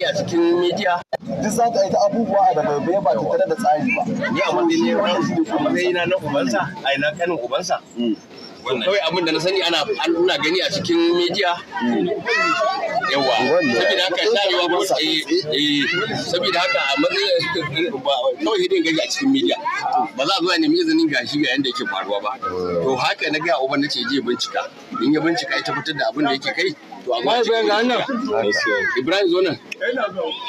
a cikin media duk za ka yi ta abubuwa a daga bayan ba tattare da tsari ba ni a wanda ne wannan shi a matsayina na ubansa a ina kanin ubansa mm. kawai abin da na sani ana nuna gani a cikin media yawa saboda haka tarewa ba eh, eh saboda haka a matsayin kawai hidin gari a cikin media ba za a zuwa nemi izinin gashi ga yadda yake faruwa ba to haka na gaya uban ce je bincika in ya bincika ya tabbatar da abin da yake kai ibrahim nan ibrahim zo nan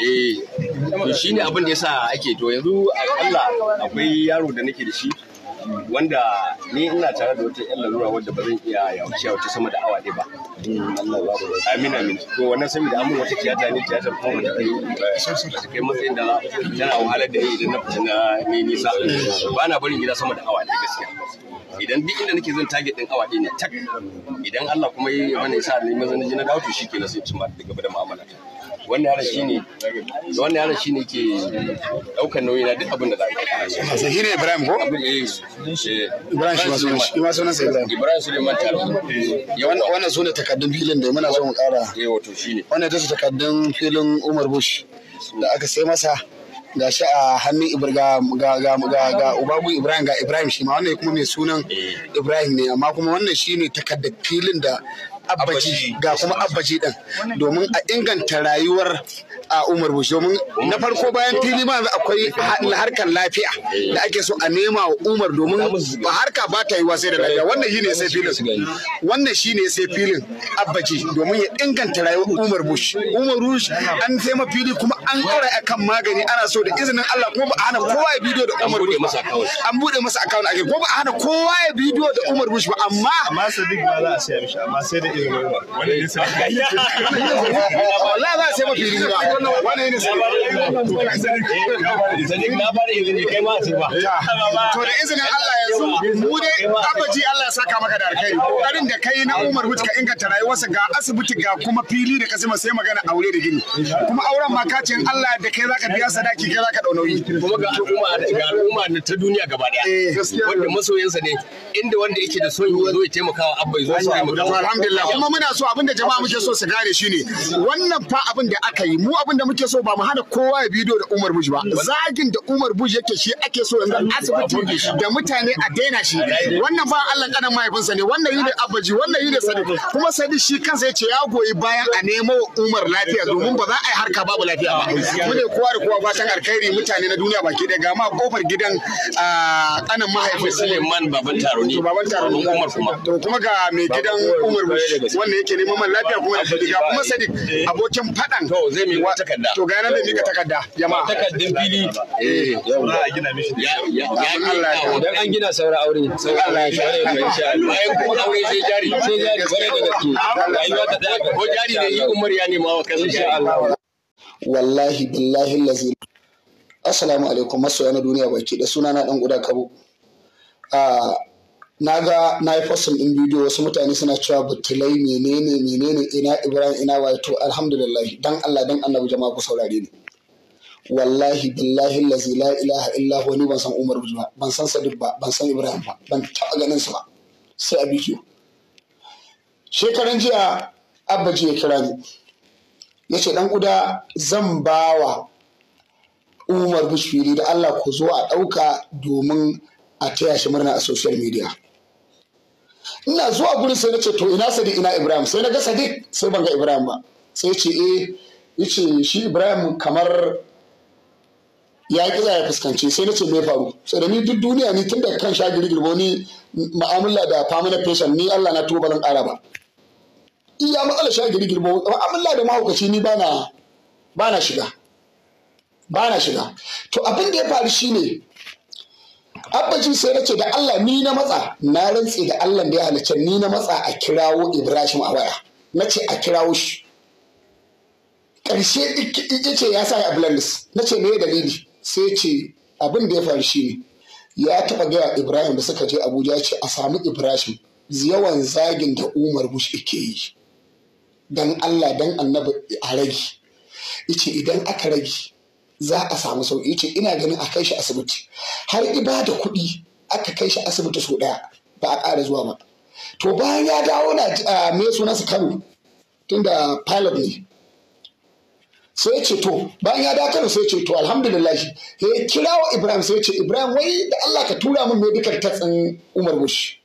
eh shi ne abin da ya sa ake to yanzu A' allah akwai yaro da nake da shi wanda ni ina tare da wata yan lalura wadda ba zan iya ya wuce sama da awa ɗaya ba amin amin to wannan sami da amin wata tiyata ne tiyatar kuma wata kai ta kai matsayin da tana wahalar da ni idan na fita na ni nisa ba na barin gida sama da awa ɗaya gaskiya idan duk inda nake zan target ɗin awa ɗaya ne tak idan Allah kuma ya mana yasa ne mazan jina na dawo to na sai cimma ba da gaba da mu'amala wannan yaron shine wannan yaron shine ke daukar nauyi na duk abin da za ka shi ne Ibrahim ko eh. Ibrahim shi masu shi masu nan sai Ibrahim Ibrahim Suleiman Taro eh, wannan wannan sune takaddun filin da muna so mu kara eh wato shine wannan tasu takaddun filin Umar Bush da aka sai masa ga shi a hannun ga ga ga ga ubabu ibrahim ga ibrahim shi ma wannan kuma mai sunan eh. ibrahim ne amma kuma wannan shi ne takardar filin da abbaji ga kuma abbaji din domin a inganta rayuwar a umar bush domin na farko bayan fili ma akwai harkar lafiya da ake so a nema wa umar domin ba harka ba ta wa sai da lafiya wannan shine sai filin wannan shine sai filin abbaji domin ya inganta rayuwar umar bush umar bush an sai fili kuma an a kan magani ana so da izinin Allah kuma ba a hana kowa ya bidiyo da umar bush an bude masa akawun a kuma ba a hana kowa ya bidiyo da umar bush ba amma amma sai da wannan ne sai wallahi za a sai mafi riba wannan ne sai to ka sani sani na bada izini kai ma sai ba da izinin Allah ya yanzu mu dai abaji Allah ya saka maka da alkhairi kokarin da kai na Umar Hutu ka inganta rayuwarsa ga asibiti ga kuma fili da kasima sai magana aure da gini kuma auren ma ka Allah da kai zaka biya sadaki kai zaka dau nauyi kuma ga al'umma ga al'umma ta duniya gaba daya eh, wanda masoyansa ne inda wanda yake da son zo ya taimaka wa abba zo su taimaka alhamdulillah Allah kuma muna so abinda jama'a muke so su gane shine wannan fa abin da aka yi mu abin da muke so ba mu hana kowa ya bidiyo da Umar Buji ba zagin da Umar Buji yake shi ake so yanzu asibiti da mutane a daina shi wannan ba Allah kanan mahaifinsa ne wannan yi da abaji wannan yi da sadi kuma sadi shi kansa ya ce ya goyi bayan a nemo Umar lafiya domin ba za a yi harka babu lafiya ba mu ne kowa da kowa fatan alkhairi mutane na duniya baki ɗaya ga ma kofar gidan kanan mahaifin Suleiman baban taro ne baban taro ne Umar kuma to kuma ga mai gidan Umar Buji wanda yake neman man lafiya kuma da sadiq kuma sadiq eh. abokin fadan to zai mi wata takarda to ga gana da mika takarda jama'a takardin fili eh za a gina mishi ya Allah dan an gina saura aure sai Allah ya share ka insha Allah bayan kuma aure sai jari sai jari bare da gaske rayuwa ta da ko jari ne yi umar ya nema wa kansa insha Allah wallahi billahi lazi assalamu alaikum masoya na duniya baki da suna na dan guda kabo a ah, na ga na yi fasin ɗin bidiyo wasu mutane suna cewa butulai menene menene ina ibrahim ina wato alhamdulillah dan allah dan annabi jama'a ku saurare ni wallahi billahi lazi la ilaha illa huwa ni ban san umar ba ban san sadiq ba ban san ibrahim ba ban taɓa ganin su ba sai a bikiyo shekaran jiya abba ji ya kira ni ya ce dan guda zan bawa umar bishiri da allah ku zo a ɗauka domin a taya shi murna a social media ina zuwa gurin sai na ce to ina sadiq ina ibrahim sai na ga sadiq sai ban ga ibrahim ba sai ce eh yace shi ibrahim kamar ya yi ya fuskanci sai na ce me faru sai da ni duk duniya ni tun da kan sha girgirbo ni ma'amala da permanent patient ni Allah na tuba zan ƙara ba iya matsala sha girgirbo ma'amala da mahaukaci ni ba bana shiga bana shiga to abin da ya faru shine abbaji sai na ce da Allah ni na matsa na rantse da Allah da ya halicce ni na matsa a kirawo Ibrahim a waya na ce a kirawo shi ƙarshe ya ce ya sa ya blandis na ce me dalili sai ce abin da ya faru shi ne ya taɓa gaya Ibrahim da suka je Abuja ya ce a samu Ibrahim yawan zagin da Umar Bush ke yi dan Allah dan annabi a rage ice idan aka rage za a samu sauƙi ce ina ganin a kai shi asibiti har iba da kuɗi aka kai shi asibiti sau ɗaya ba a ƙara zuwa ba to bayan ya dawo na me su kano tunda pilot ne sai ce to bayan ya dawo kano sai ce to alhamdulillah ya kira wa ibrahim sai ce ibrahim wai da allah ka tura min medical test ɗin umar bush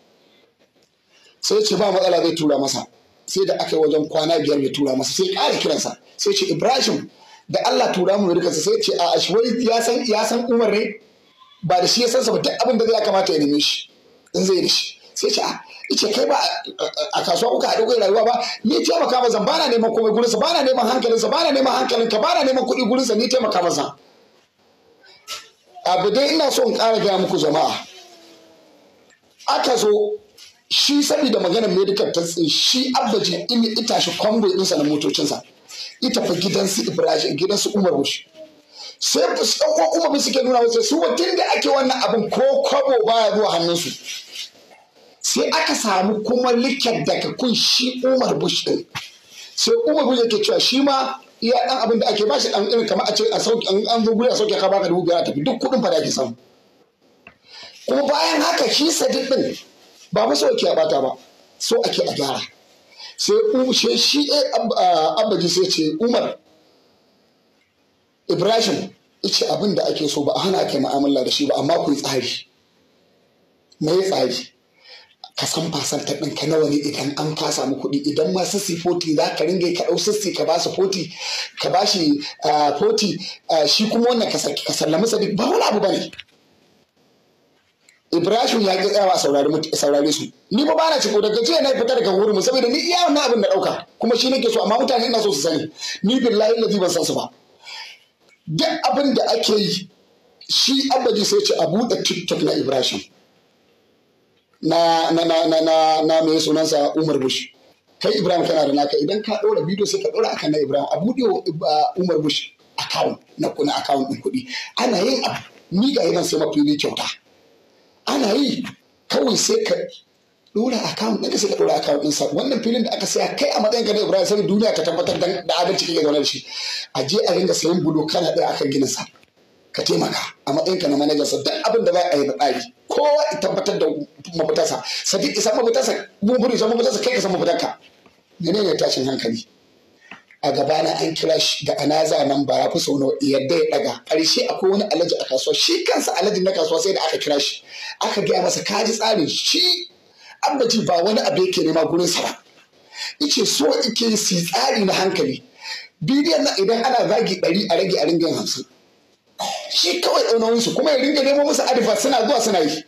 sai ce ba matsala zai tura masa sai da aka yi wajen kwana biyar bai tura masa sai ƙara kiransa sai ce ibrahim da Allah tura mu rika sai ce a shi wai ya san ya san Umar ne ba da shi ya san sa ba duk abin da ya kamata ya nemi shi in zai yi shi sai ce a ce kai ba a kasuwa kuka haɗu kai rayuwa ba ni taimaka masa ba na neman komai gurinsa ba na neman hankalinsa ba na neman hankalinka ba na neman kuɗi gurinsa ni taimaka masa abu dai ina so in ƙara gaya muku jama'a aka zo shi saboda maganar medical testing shi abbaji in ita shi kwambo ɗinsa na motocinsa ita tafi gidansu Ibrahim gidansu Umar Bush sai fuskan ko Umar suke nuna wasu su tun da ake wannan abin ko kwabo baya zuwa su sai aka samu kuma likyar daga kun shi Umar Bush din sai Umar Bush yake cewa shi ma iya dan abin da ake bashi dan irin kamar a ce a sauki an zo guri a sauki ka baka dubu biyar a tafi duk kudin fa da ke samu kuma bayan haka shi sadiq din ba masauki ya bata ba so ake a gyara sai shi eh, ah, abbaji sai ce umar ibrahim ice abin da ake so ba a hana kai ma'amala da shi ba amma ku yi tsari mai tsari ka san fasantar ɗin ka nawa ne idan an ka samu kuɗi idan ma sissi foti za ka ringa ka ɗau sissi ka ba su foti ka ba shi ah, foti ah, shi kuma wannan ka sallami sadiq ba wani abu ba ne Ibrahim ya ki tsayawa saurare su ni ba bana ko daga jiya na fita daga wurin saboda ni iya wannan abin da dauka kuma shi nake so amma mutane ina so su sani ni billahi ladhi ban san su ba duk abin da ake yi shi abaji sai ce a buɗe tiktok na Ibrahim na na na na na na mai sunansa Umar Bush kai Ibrahim kana da naka idan ka dora bidiyo sai ka dora akan na Ibrahim a buɗe Umar Bush account na kuna account din kuɗi ana yin abu ni ga yaban sai mafi ne kyauta ana yi kawai sai ka dora account ɗinka sai ka dora account sa. wannan filin da aka saya kai a matsayin gane ibrahim sai duniya ta tabbatar da adalci kake zaune da shi a je a ringa sayan bulo kana ɗaya akan ginin sa ka taimaka a matsayin ka na manager sa duk abin da za a yi da tsari kowa ya tabbatar da mafitarsa sadiq isa mafitarsa bumburi isa mafitarsa kai ka san mafitarka menene tashin hankali a gabana an kira shi da anaza nan ba fi sau yadda ya daga ƙarshe akwai wani alaji a kasuwa shi kansa alaji na kasuwa sai da aka kira shi aka gaya masa kaji tsarin shi ambaci ba wani abu yake nema gurin sa ba ice so ike si tsari na hankali bidiyon na idan ana zagi ɗari a rage a ringin hamsin shi kawai ɗaunawunsu kuma ya ringa nemo musu adifa suna zuwa suna yi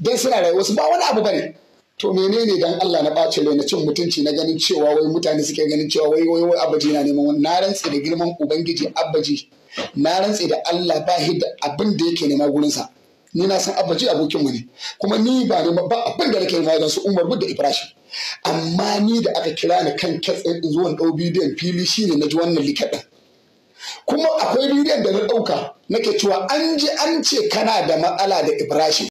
don suna rayuwa su ba wani abu bane to menene dan Allah na bace rai na cin mutunci na ganin cewa wai mutane suke ganin cewa wai wai wai abaji na neman wani na rantse da girman ubangiji abaji na rantse da Allah ba hidda abin da yake nema sa ni na san abaji abokin mu ne kuma ni ba ne ba abin da nake nema don su Umar da Ibrahim amma ni da aka kira ni kan katsin zuwan dau bidiyon fili shine na ji wannan likaɗin kuma akwai bidiyon da na ɗauka nake cewa an ji an ce kana da matsala da Ibrahim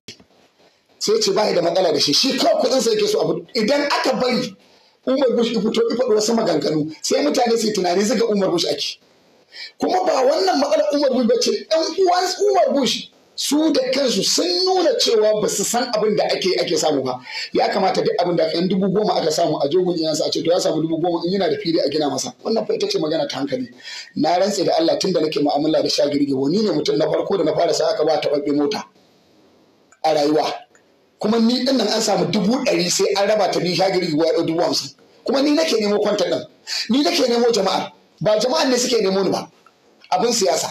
sai ce ba da matsala da shi shi kawai kuɗin sai yake so abu idan aka bari Umar Bush ya fito ya wasu maganganu sai mutane su tunani zuga Umar Bush ake kuma ba wannan matsala Umar Bush bace ɗan uwan Umar Bush su da kansu sun nuna cewa ba su san abin da ake ake samu ba ya kamata duk abin da aka dubu goma aka samu a jogun iyansa a ce to ya samu dubu goma in yana da fili a gina masa wannan fa ita ce magana ta hankali na rantse da Allah tun da nake mu'amala da shagirgi ni ne mutum na farko da na fara sa aka ba taɓaɓɓe mota a rayuwa kuma ni din nan an samu dubu ɗari sai an raba ta ni shagiri ya ɗau dubu hamsin kuma ni nake nemo kwanta ɗin ni nake nemo jama'a ba jama'an ne suke nemo ni ba abin siyasa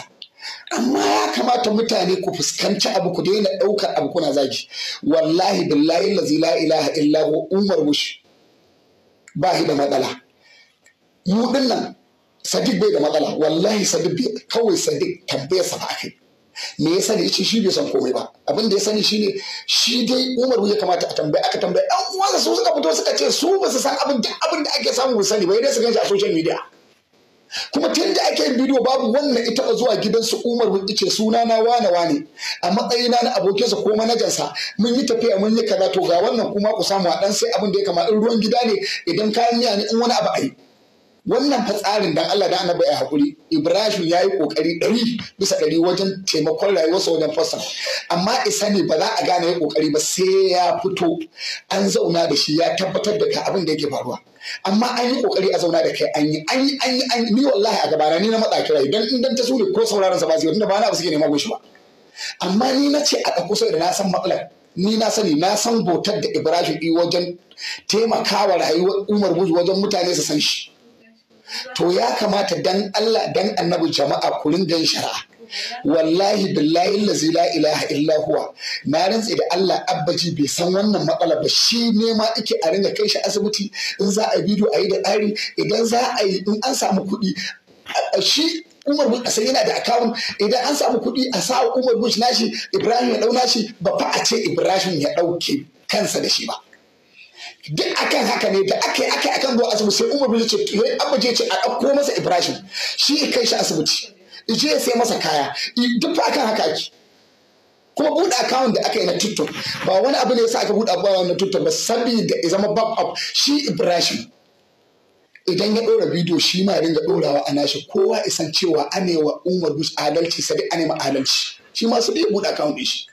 amma ya kamata mutane ku fuskanci abu ku daina ɗaukar abu kuna zagi wallahi billahi lazi la ilaha illa hu umar bush ba shi da matsala mu nan sadiq bai da matsala wallahi sadiq kawai sadiq sa ba kai. me yasa da shi shi bai san komai ba abin da ya sani shine shi dai Umar ya kamata a tambaye aka tambaye ɗan uwansa su suka fito suka ce su ba su san abin da abin da ake samu sani ba dai su ganshi a social media kuma tun da ake yin bidiyo babu wannan ita ba zuwa gidansu Umar mun ce suna na wane wane a matsayina na abokinsa ko manajansa mun yi tafiya mun yi karatu. ga wannan kuma ku samu a dan sai abin da ya kama ruwan gida ne idan kayan miya ne in wani abu a yi wannan fatsarin dan Allah da annabi ya hakuri Ibrahim ya yi kokari ɗari bisa ɗari wajen taimakon rayuwarsa wajen fasa amma isa ne ba za a gane ya kokari ba sai ya fito an zauna da shi ya tabbatar da ka abin da yake faruwa amma an yi kokari a zauna da kai an yi an yi an yi ni wallahi a gabana ni na matsa kira idan in dan ta sune ko sauraron sa ba zai wanda ba na ba suke nema goshi ba amma ni na ce a ɗauko sai da na san matsalar ni na sani na san botar da Ibrahim yi wajen taimakawa rayuwar Umar Buzu wajen mutane su san shi to ya kamata dan Allah dan annabi jama'a ku ringa shari'a wallahi billahi lazi la ilaha illa huwa na rantse da Allah abbaji bai san wannan matsala ba shi ne ma ake a ringa kai shi asibiti in za a bidiyo a yi da tsari idan za a yi in an samu kuɗi shi Umar Bush sai yana da akawun idan an samu kuɗi a sa Umar Bush nashi Ibrahim ya ɗauna shi, ba fa a ce Ibrahim ya ɗauke kansa da shi ba duk akan haka ne da aka yi aka kan akan zuwa asibiti sai umar bin ce eh, abu je ce a ɗauko masa ibrahim shi ya kai shi asibiti je ya sai masa kaya duk fa akan haka ake kuma buɗe akawun da aka yi na tiktok ba wani abu ne yasa aka buɗe akawun na tiktok ba saboda ya zama bab up shi ibrahim idan ya ɗora bidiyo shi ma dinga ɗorawa a nashi kowa isan cewa anewa umar bush adalci sai dai anema adalci shi ma su buɗe akawun ɗin shi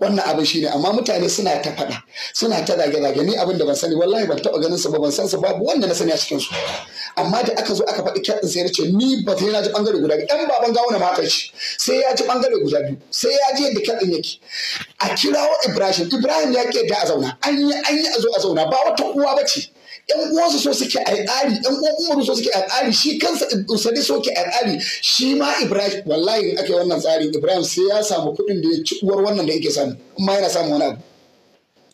wannan abin shine amma mutane suna ta faɗa suna ta zage zage ni abin da ban sani wallahi ban taɓa ganin su ba ban san su babu wanda na sani a cikin su amma da aka zo aka faɗi kyaɗin sai ce ni ba sai na ji bangare guda biyu ɗan baban gawuna na maka shi sai ya ji bangare guda biyu sai ya ji yadda kyaɗin yake a kirawo Ibrahim Ibrahim ya ke da a zauna an yi an yi a zo a zauna ba wata uwa ba ce yan uwansu so suke a yan uwan umaru so suke a shi kansa usadi so ke a shi ma ibrahim wallahi in ake wannan tsarin ibrahim sai ya samu kuɗin da ya ci uwar wannan da yake samu Amma ma yana samu wani abu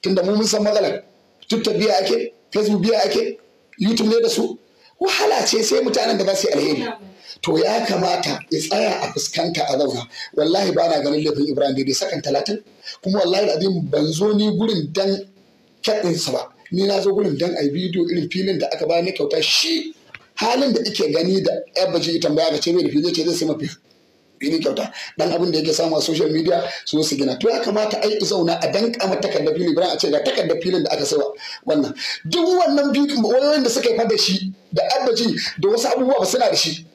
tunda mu mun san matsalar twitter biya ake facebook biya ake youtube ne da su wahala ce sai mutanen da za su yi alheri to ya kamata ya tsaya a fuskanta a zauna wallahi ba na ganin laifin ibrahim daidai sakan talatin kuma wallahi abin ban zo ni gurin dan kyaɗinsa ba ni na zo gurin dan a bidiyo irin filin da aka bayar na kyauta shi halin da ike gani da yabba ji tambaya ka ce mai da filin ce zai sai mafi fili kyauta dan abin da yake samu a social media su su gina to ya kamata yi zauna a danka mata takardar filin bayan a ce ga takardar filin da aka saiwa wannan duk wannan bidiyo wayoyin da suka yi fa da shi da abaji da wasu abubuwa ba suna da shi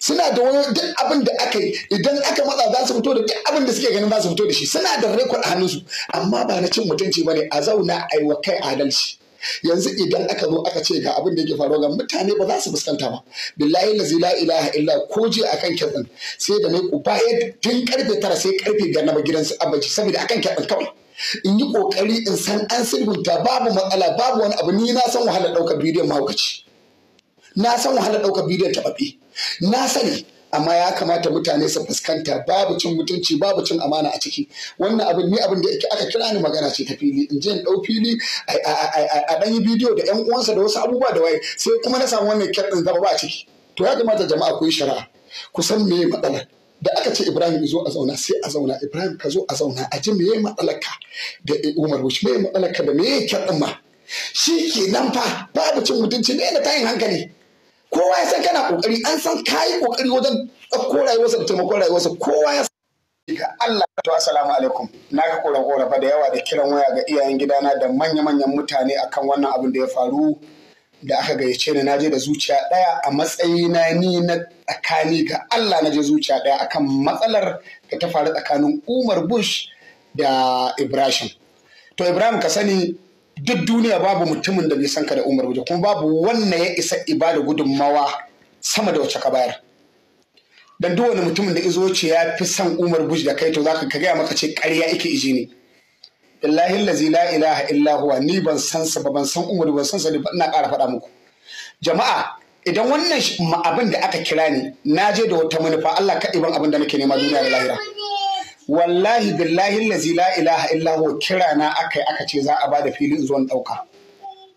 suna da wani duk abin da aka yi idan aka matsa za su fito da duk abin da suke ganin za su fito da shi suna da rekod a hannunsu amma ba na cin mutunci ba ne a zauna a yi wa kai adalci yanzu idan aka zo aka ce ga abin da yake faruwa ga mutane ba za su fuskanta ba billahi lazi la ilaha illa ko je akan kitsin sai da ku ya tun karfe tara sai karfe biyar na gidansu abaji saboda akan kitsin kawai in yi kokari in san an sulhunta babu matsala babu wani abu ni na san wahalar ɗaukar bidiyon mahaukaci na san wahalar ɗaukar bidiyon taɓaɓe na sani amma ya kamata mutane su fuskanta babu cin mutunci babu cin amana a ciki wannan abin ni abin da aka kira ni magana ce ta fili in je in ɗau fili a ɗan yi bidiyo da ƴan uwansa da wasu abubuwa da waye sai kuma na samu wannan kyar ɗin zama ba a ciki to ya kamata jama'a ku yi shari'a ku san me matsalar da aka ce Ibrahim zo a zauna sai a zauna Ibrahim ka zo a zauna a ji meye matsalarka da eh, Umar Bush meye matsalarka da meye kyar ɗin ma shi ke nan fa babu cin mutunci ne da tayin hankali kowa ya san kana kokari an san kayi kokari wajen ɗauko rayuwarsa da taimakon rayuwarsa kowa ya ka Allah to assalamu alaikum na ka koran korafa da yawa da kiran waya ga iyayen gidana da manya-manyan mutane akan wannan abin da ya faru da aka gayyace ni je da zuciya ɗaya a matsayina ni na tsakani ga Allah na je zuciya ɗaya akan matsalar da ta faru tsakanin Umar Bush da Ibrahim to Ibrahim ka sani duk duniya babu mutumin da bai san ka da Umar Guje kuma babu wanne ya isa ibada gudunmawa sama da wacce ka bayar dan duk wani mutumin da izo ce ya fi san Umar Guje da kai to zaka ka gaya maka ce ƙarya yake iji ne billahi allazi la ilaha illa huwa ni ban san sa ba ban san Umar ban san sa ba ina ƙara faɗa muku jama'a idan wannan abin da aka kira ni na je da wata manufa Allah kaɗai ban abin da nake nema duniya da lahira wallahi billahi lazi la ilaha illa huwa kira na akai aka ce za a ba da fili in zo ɗauka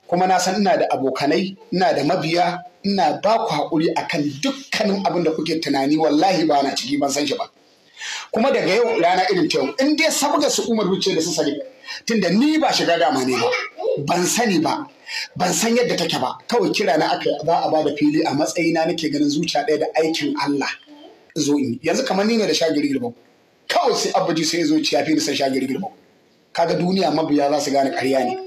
kuma na san ina da abokanai ina da mabiya ina ba ku haƙuri akan dukkanin abin da kuke tunani wallahi ba na ciki ban san shi ba kuma daga yau rana irin ta yau in dai saboda su umar wuce da su sani tunda ni ba shiga dama ne ba ban sani ba ban san yadda take ba kawai kira na aka za a bada fili a matsayina nake ganin zuciya ɗaya da aikin Allah zo in yanzu kamar ni ne da shagiri ba kawai sai abaji sai zo ciya fi nisan shagiri girma kaga duniya mabiya za su gane karya ne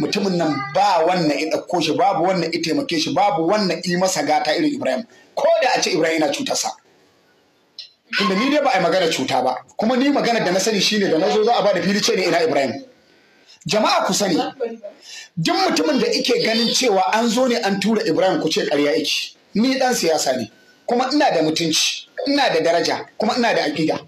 mutumin nan ba wannan ya ɗauko shi babu wannan ya taimake shi babu wannan yi masa gata irin ibrahim ko da a ce ibrahim yana cutarsa tunda ni dai ba a yi magana cuta ba kuma ni magana da na sani shine da na zo za a ba fili ce ne ina ibrahim jama'a ku sani duk mutumin da ike ganin cewa an zo ne an tura ibrahim ku ce karya yake ni dan siyasa ne kuma ina da mutunci ina da daraja kuma ina da aƙida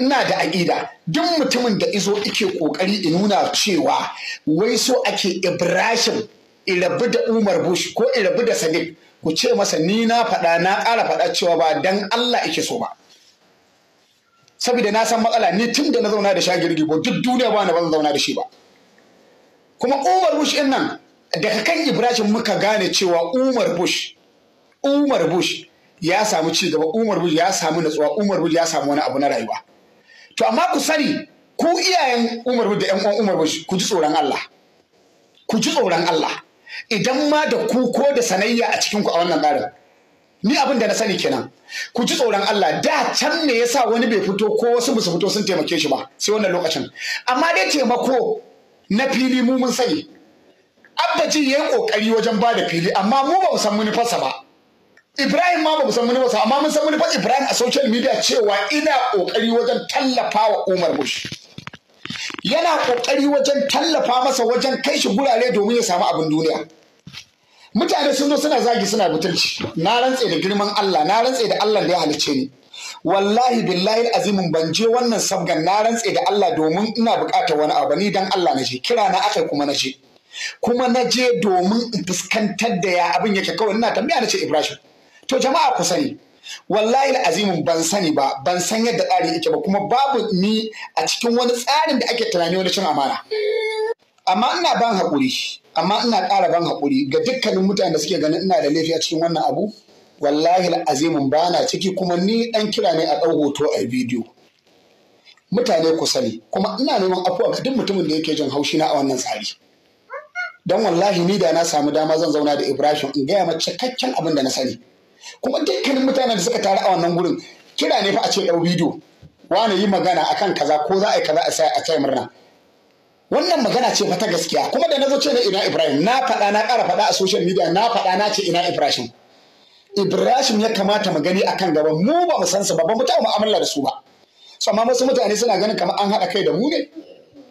ina da aƙida duk mutumin da izo ike ƙoƙari in nuna cewa wai so ake ibrahim irabu da umar bush ko irabu da sadiq ku ce masa ni na faɗa na ƙara faɗa cewa ba dan allah ike so ba saboda na san matsala ni tun da na zauna da shagirgi ko duk duniya ba na ban zauna da shi ba kuma umar bush ɗin nan daga kan ibrahim muka gane cewa umar bush umar bush ya samu ci gaba Umar Buji ya samu natsuwa Umar Buji ya samu wani abu na rayuwa to amma ku sani ku iyayen Umar Buji da ƴan uwan Umar Buji ku ji tsoron Allah ku ji tsoron Allah idan ma da ku ko da sanayya a cikin ku a wannan garin ni abin da na sani kenan ku ji tsoron Allah da can ne yasa wani bai fito ko wasu basu fito sun taimake shi ba sai wannan lokacin amma dai taimako na fili mu mun sani abdaji yayi kokari wajen ba da fili amma mu ba mu san manufarsa ba Ibrahim ma ba mu san manufarsa amma mun san Ibrahim a social media cewa ina kokari wajen tallafa wa Umar Bush. Yana kokari wajen tallafa masa wajen kai shi gurare domin ya samu abin duniya. Mutane sun zo suna zagi suna butulci. Na rantse da girman Allah, na rantse da Allah da ya halicce ni. Wallahi billahi azimin ban je wannan sabgan na rantse da Allah domin ina bukatar wani abu ni dan Allah na je kira na akai kuma na je. Kuma na je domin in fuskantar da ya abin yake kawai ina tambaya na ce Ibrahim. to jama'a ku sani wallahi azimin ban sani ba ban san yadda tsari yake ba kuma babu ni a cikin wani tsarin da ake tunani wani cin amana amma ina ban haƙuri amma ina ƙara ban haƙuri ga dukkanin mutanen da suke ganin ina da laifi a cikin wannan abu wallahi azimin ba na ciki kuma ni ɗan kira ne a ɗau hoto a bidiyo mutane ku sani kuma ina neman afuwa ga duk mutumin da yake jin haushi na a wannan tsari don wallahi ni da na samu dama zan zauna da ibrahim in gaya mace cikakken abin da na sani kuma dukkanin mutanen da suka taru a wannan gurin kira ne fa a ce ɗau bidiyo wani yi magana akan kaza ko za a yi kaza a sai a sai murna wannan magana ce fa ta gaskiya kuma da na zo ce na ina Ibrahim na faɗa na ƙara faɗa a social media na faɗa na ce ina Ibrahim Ibrahim ya kamata mu gani akan gaba mu ba mu san su ba ba mu taɓa mu'amala da su ba amma wasu mutane suna ganin kamar an haɗa kai da mu ne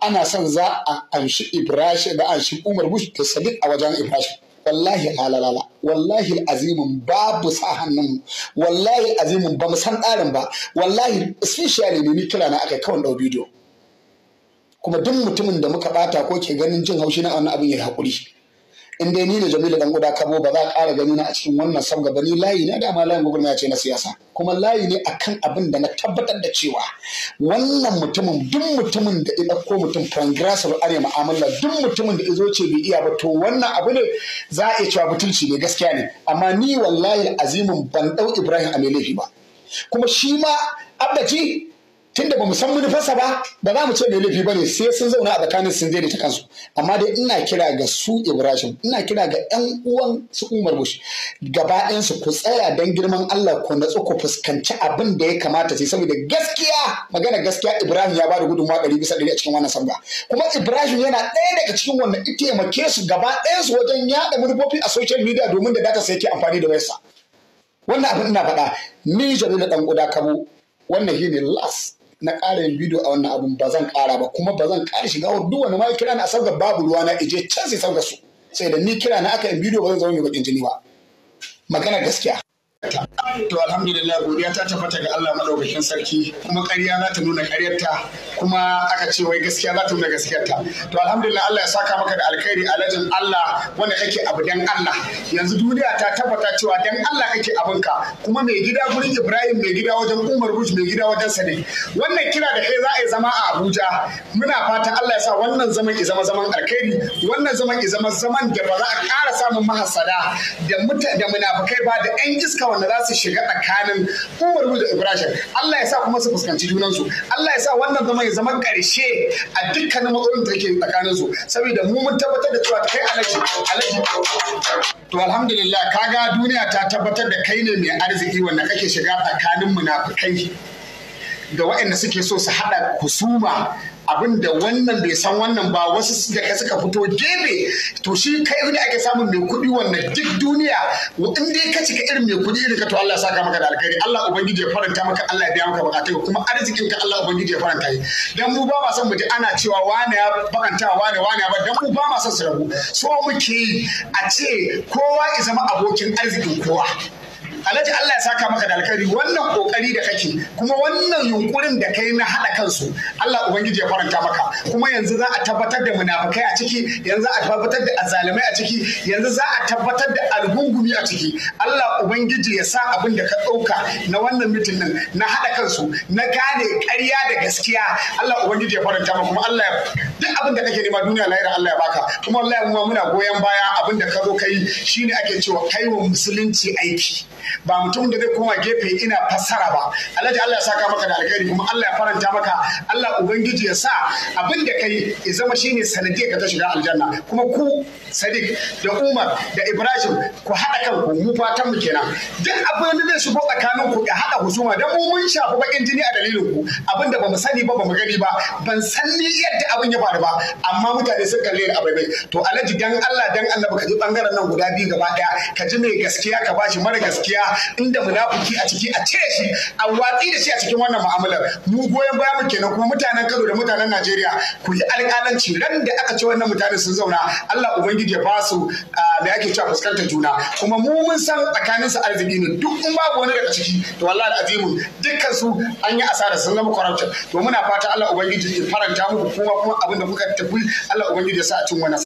ana son za a anshi Ibrahim da anshi Umar Bush da Sadiq a wajen Ibrahim wallahi alalala wallahi azimin babu sa hannun wallahi azimin ba mu san ɗarin ba wallahi especially ne ni kira na akai kawai ɗau bidiyo kuma duk mutumin da muka ɓata ko ke ganin jin haushi na wannan abin ya haƙuri in dai ni da Jamilu dan guda kabo ba za a ƙara gani na a cikin wannan sabga gaba ni layi ne dama layin gugur ya ce na siyasa kuma layi ne akan abin da na tabbatar da cewa wannan mutumin duk mutumin da ya ɗauko mutum kongresar are mu'amala duk mutumin da ya zo ce bai iya ba to wannan abu ne za a iya cewa mutunci ne gaskiya ne amma ni wallahi azimin ban ɗau Ibrahim a laifi ba kuma shi ma abdaci tunda ba mu san manufarsa ba ba za mu ce mai laifi ba ne sai sun zauna a tsakanin sun ta kansu amma dai ina kira ga su Ibrahim ina kira ga yan uwan su Umar Bush gaba ɗayan su ku tsaya dan girman Allah ku natsu ku fuskanci abin da ya kamata sai saboda gaskiya magana gaskiya Ibrahim ya bada gudunmawa ɗari bisa ɗari a cikin wannan samba kuma Ibrahim yana ɗaya daga cikin wannan taimake su gaba ɗayan su wajen yaɗa manufofi a social media domin da data sai ke amfani da wayarsa wannan abin ina faɗa ni Jamilu ɗan guda kabo wannan shine Las. na ƙara yin bidiyo a wannan abun ba zan ƙara ba kuma ba zan ƙara shiga duk wani ma kira na sauka babu ruwa na ije can sai sauka su sai da ni kira na aka yin bidiyo ba zan zama mai baƙin jini ba magana gaskiya To alhamdulillah godiya ta tabbata ga Allah madaukakin sarki kuma ƙarya za ta nuna ƙaryarta kuma aka ce wai gaskiya za ta nuna gaskiyarta. To alhamdulillah Allah ya saka maka da alkhairi alajin Allah wanda kake abu dan Allah. Yanzu duniya ta tabbata cewa dan Allah kake abinka kuma mai gida gurin Ibrahim mai gida wajen Umar Bush mai gida wajen Sani Wannan kira da kai za a yi zama a Abuja muna fatan Allah ya sa wannan zaman ki zama zaman alkhairi wannan zaman ki zama zaman da ba za a ƙara samun mahasada da mutane da munafukai ba da 'yan iska wanda za su shiga tsakanin Umar da Ibrahim Allah ya sa kuma su fuskanci junansu Allah ya sa wannan zama ya zama karshe a dukkanin matsalolin da ke tsakanin su saboda mu mun tabbatar da cewa kai alaji alaji to alhamdulillah kaga duniya ta tabbatar da kai ne mai arziki wanda kake shiga tsakanin munafukai da waɗanda suke so su haɗa kusuma abinda wannan bai san wannan ba wasu da suka fito gebe to shi kai ne ake samun mai kuɗi wannan duk duniya in dai ka cika irin mai kuɗi irin ka to Allah ya saka maka da alkhairi Allah ubangiji ya faranta maka Allah ya biya maka bukatun kuma arzikin ka Allah ubangiji ya faranta yi dan mu ba ma son mu ji ana cewa wani ya bakanta wani wani ba dan mu ba ma son su rabu so muke a ce kowa ya zama abokin arzikin kowa alhaji Allah ya saka maka da alkhairi wannan kokari da kake kuma wannan yunkurin da kai na haɗa kansu Allah ubangiji ya faranta maka kuma yanzu za a tabbatar da munafikai a ciki yanzu a tabbatar da azalimai a ciki yanzu za a tabbatar da algungumi a ciki Allah ubangiji ya sa abin da ka ɗauka na wannan mitin din na haɗa kansu na gane ƙarya da gaskiya Allah ubangiji ya faranta maka kuma Allah ya duk abin da kake nema duniya lahira Allah ya baka kuma Allah ya muna goyon baya abin da ka zo kai shine ake cewa kai wa musulunci aiki ba mutum da zai koma gefe ina fassara ba alhaji Allah ya saka maka da alkhairi kuma Allah ya faranta maka Allah ubangiji ya sa abin da kai ya zama shine sanadiyya ka ta shiga aljanna kuma ku Sadiq da Umar da Ibrahim ku haɗa kanku mu fatan mu kenan duk abin da zai shigo tsakanin ku ya haɗa husuma dan mu mun shafi bakin jini a dalilin ku abin da mu sani ba ba mu gani ba ban san ni yadda abin ya faru ba amma mutane sun kalle abai bai to alhaji dan Allah dan Allah ka ji bangaren nan guda biyu gaba daya ka ji mai gaskiya ka bashi mara gaskiya gaskiya inda munafiki a ciki a cire shi a watsi da shi a cikin wannan mu'amalar mu goyon baya mu kenan kuma mutanen Kano da mutanen Najeriya ku yi alƙalanci ran da aka ce wannan mutane sun zauna Allah ubangiji ya ba su me ake cewa fuskantar juna kuma mu mun san tsakanin su arziki ne duk in babu wani daga ciki to wallahi azimu dukkan su an yi asara sun zama corruption to muna fata Allah ubangiji ya faranta muku kuma kuma abin da muka tafi Allah ubangiji ya sa a cin wannan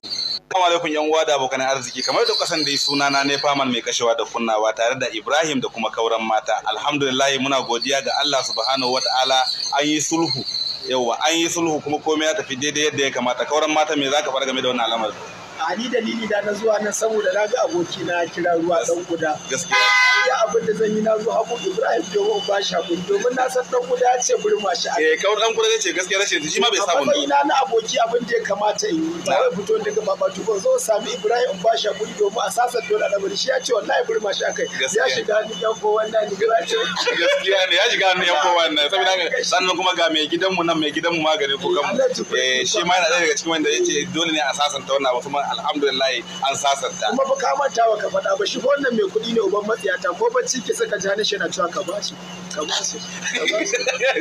Assalamu alaikum yan uwa da abokan arziki kamar da kasan dai suna na ne faman mai kashewa da kunnawa tare da Ibrahim da kuma kauran mata alhamdulillah muna godiya ga Allah subhanahu wataala an yi sulhu yauwa an yi sulhu kuma komai ya tafi daidai yadda ya kamata kauran mata me zaka fara game da wannan al'amari a ni dalili da na zuwa nan saboda na ga abokina kira ruwa dan guda gaskiya iya abin da zan yi na zo abu ibrahim domin ba shi abu domin na san dan guda ya ce burma shi eh kawai dan ya ce gaskiya rashin shi ma bai sa gudu ina na aboki abin da ya kamata in yi ba zai fito daga baba tuko zo sami ibrahim ba shi abu domin a sasa dole da shi ya ce wallahi burma shi akai ya shiga ni yan ko wannan ni ga ce gaskiya ne ya shiga ni yan ko wannan saboda sannan kuma ga mai gidanmu nan mai gidanmu magani ko kan eh shi ma yana daga cikin wanda yace dole ne a sasanta wannan kuma alhamdulillah an sasanta kuma ba ka manta wa ka faɗa ba shi wannan mai kuɗi ne uban ta nan ko bacci ke saka ji shi yana cewa ka ba su ka ba su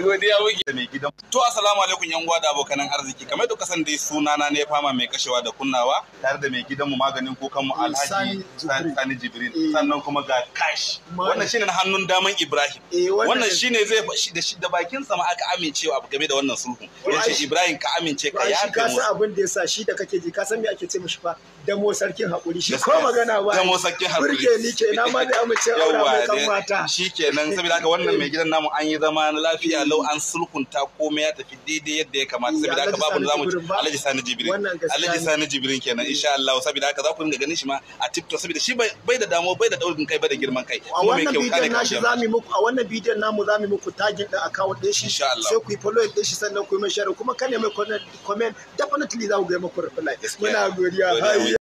godiya wuke mai gidan to assalamu alaikum yan gwada abokan arziki kamar da kasan dai sunana ne fama mai kashewa da kunnawa tare da mai gidanmu maganin kukan mu Alhaji Sani Jibrin eh. sannan kuma ga cash wannan shine na hannun daman Ibrahim eh, wannan shine zai da shi da bakin sa ma aka amincewa game da wannan sulhu yace Ibrahim ka amince ka ya ka abin da yasa shi da kake ji ka san me ake ce mishi fa damo sarkin haƙuri shi ko magana ba damo sarkin haƙuri burge ni ke na ma da amince aura mai kan mata shi kenan saboda haka wannan mai gidan namu an yi zama lafiya lau an sulkunta kome ya tafi daidai yadda ya kamata saboda haka babu zamu Alhaji Sani Jibrin alaji Sani Jibrin kenan insha Allah saboda haka za ku dinga ganin shi ma a TikTok saboda shi bai da damo bai da daurin kai bai da girman kai a wannan bidiyon nashi zamu muku a wannan bidiyon namu zamu muku tagin da account din shi sai ku yi follow din shi sannan ku yi mai share kuma ya mai comment definitely za ku ga muku reply muna godiya